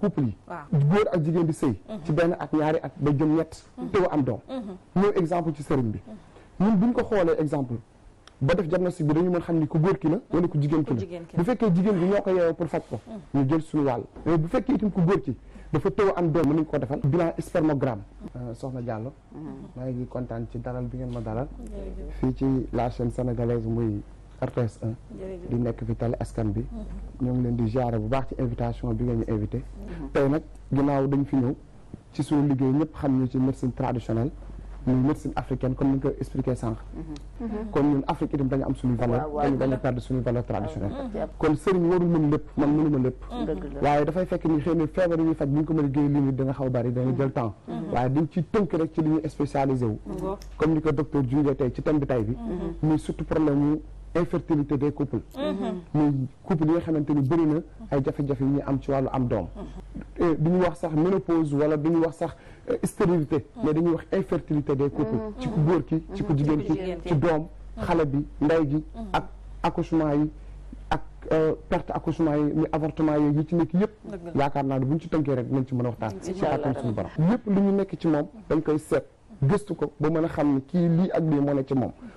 couple yi góor ak jigéen di sëy mhm. ci benn ak ñaari at ba jëm ñett mhm. teew am doom mhm. ñëw exemple ci sëriñ bi ñun buñ ko xoolee exemple ba def diagnostic bi dañu mën xam ni ku góor ki la wala ku jigéen ki la bu fekkee jigéen bi ñoo ko yeewoo pour faj ko ñu jël suñu wàll mais bu fekkee itam ku góor ki dafa teew am doom mën nañ ko defal bilan spermogramme euh, soxna Diallo maa gi kontaan ci dalal bi ngeen ma dalal fii ci la chaîne sénégalaise muy RTS 1 di nekk fi tali askan bi mhm. ñoo ngi leen di jaare bu baax ci invitation bi nga ñu invité mhm. tey nag ginnaaw dañ fi ñëw ci suñu liggéey ñëpp xam ñu ci médecine traditionnelle muy médecine africaine comme ni ñu ko expliqué sànq mhm. kon ñun Afrique a perdre suñu valeur traditionnelle kon sëriñ warul mën lépp man mënuma lépp waaye dafay fekk ni xëy feebar yi ñuy faj bu ñu ko mën a géey limite dana xaw bari dana jël temps waaye dañ ci tënk rek ci li ñuy spécialisé comme ni ko docteur Junge tey ci thème bi tey bi infertilité de couples mhm. muy couple yi nga xamante ni bëri na ay jafe-jafe yi ñu am ci wàllu am doom mhm. du ñu wax sax ménopause wala du ñu wax sax euh, stérilité mhm. mais dañuy wax infertilité de couples ci ku góor ki ci ku jigéen ki ci doom xale bi ndey gi ak accouchement yi ak euh, perte accouchement yi muy avortement yooyu yi ci nekk yëpp yaakaar naa ne bu ñu ci tënkee rek dinañ ci mën a waxtaan ci kàttan suñu borom lépp lu ñu nekk ci moom dañ koy seet gëstu ko ba mën a xam ne kii lii ak lii moo ci moom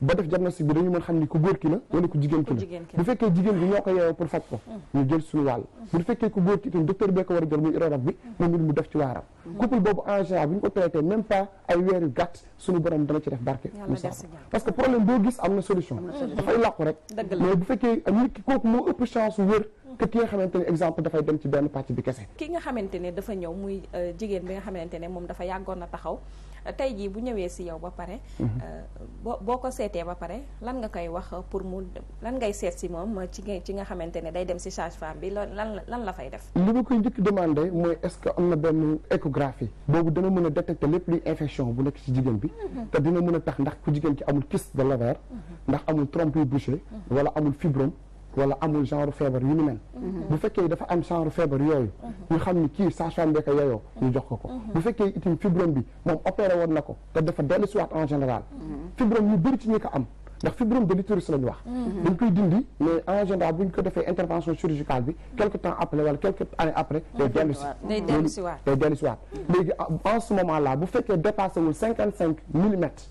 ba def diagnostic bi dañu mën xam ni ku góor ki la wala ku jigéen ki la bu fekkee jigéen bi ñoo ko yeewoo pour faj ko ñu jël suñu wàll bu fekkee ku góor ki itam docteur bee ko war a jël muy urologue bi moom it mu def ci waaram couple boobu en général bu ñu ko traité même pas ay weer yu gàtt suñu borom dana ci def barke mu sax parce que problème boo gis am na solution dafay làqu rek mais bu fekkee nit ki kooku moo ëpp chance wér que ki nga xamante ne exemple dafay dem ci benn pàcc bi kese ki nga xamante ne dafa ñëw muy jigéen bi nga xamante ne moom dafa yàggoon na taxaw tey jii bu ñëwee ci yow ba paré mhm. euh boko sété ba paré lan nga koy wax pour mu lan ngay sét si moom ci nga ci nga xamante ne day dem ci charge femme bi lan lan la fay def. li ma koy njëkk demander moy est-ce que am ben échographie bobu dana mën a détecter lépp li infection bu nek ci jigéen bi. Mhm. te dina mëna tax ndax ku jigéen ci amul kiss de l'ovaire. Mhm. ndax amul trompe yu bouché. wala amul fibrome. wala amul genre feebar yu ni mel mhm. bu fekkee dafa am genre feebar yooyu ñu xam ni kii sage-femme bi ko yeyoo ñu jox ko ko mhm. bu fekkee itam fibrome bi moom opéré woon na ko te dafa dellu siwaat en général mhm. fibrome ñu bëri ci ñi ko am ndax fibrome de l'utérus lañu wax dañ koy dindi mais en général bu ñu ko defee intervention chirurgicale bi quelque temps après wala quelque année après day dellu si day dellu siwaat léegi en ce moment là bu fekkee dépassé wul cinquante cinq millimètres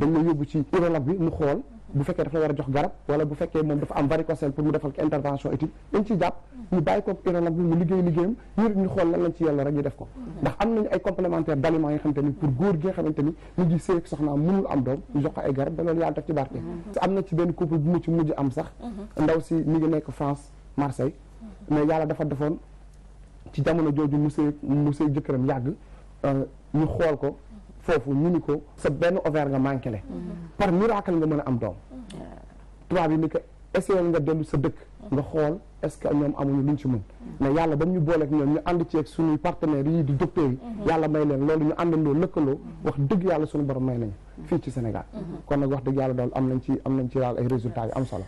dañ lay yóbbu ci urologue bi mu xool bu fekkee dafa war a jox garab wala bu fekkee moom dafa am varicocèle pour mu defal ko intervention éthique dañ ciy jàpp ñu bàyyi ko urologue bi mu liggéey liggéeyam ñu ñu xool lan lañ ci yàlla rek ñu def ko ndax am nañu ay complémentaire d' aliments yi nga pour góor gi nga xamante ni mu ngi séeg soxnaam mënul am doom ñu jox ay garab daloolu yàlla def ci barke am na ci benn couple bu mu ci mujj am sax ndaw si mi ngi nekk France Marseille mais yàlla dafa defoon ci jamono jooju mu séeg mu séeg euh, ñu xool ko foofu ñu ni ko sa benn ovaire nga manqué le mm-hmm. par miracle nga mën a am doom tubaab yi ni ko essayé nga dellu sa dëkk nga xool est-ce que ñoom amuñu ñu ci mën mm-hmm. mais yàlla ba mu ñu booleeg ñoom ñu ànd ci ak suñuy partenaire yi di docteurs yi mm-hmm. yàlla may leen loolu ñu àndandoo lëkkaloo wax dëgg yàlla suñu borom may nañu fii ci Sénégal kon nag wax dëgg yàlla daal am nañ ci am nañ ci daal ay résultat yu am solo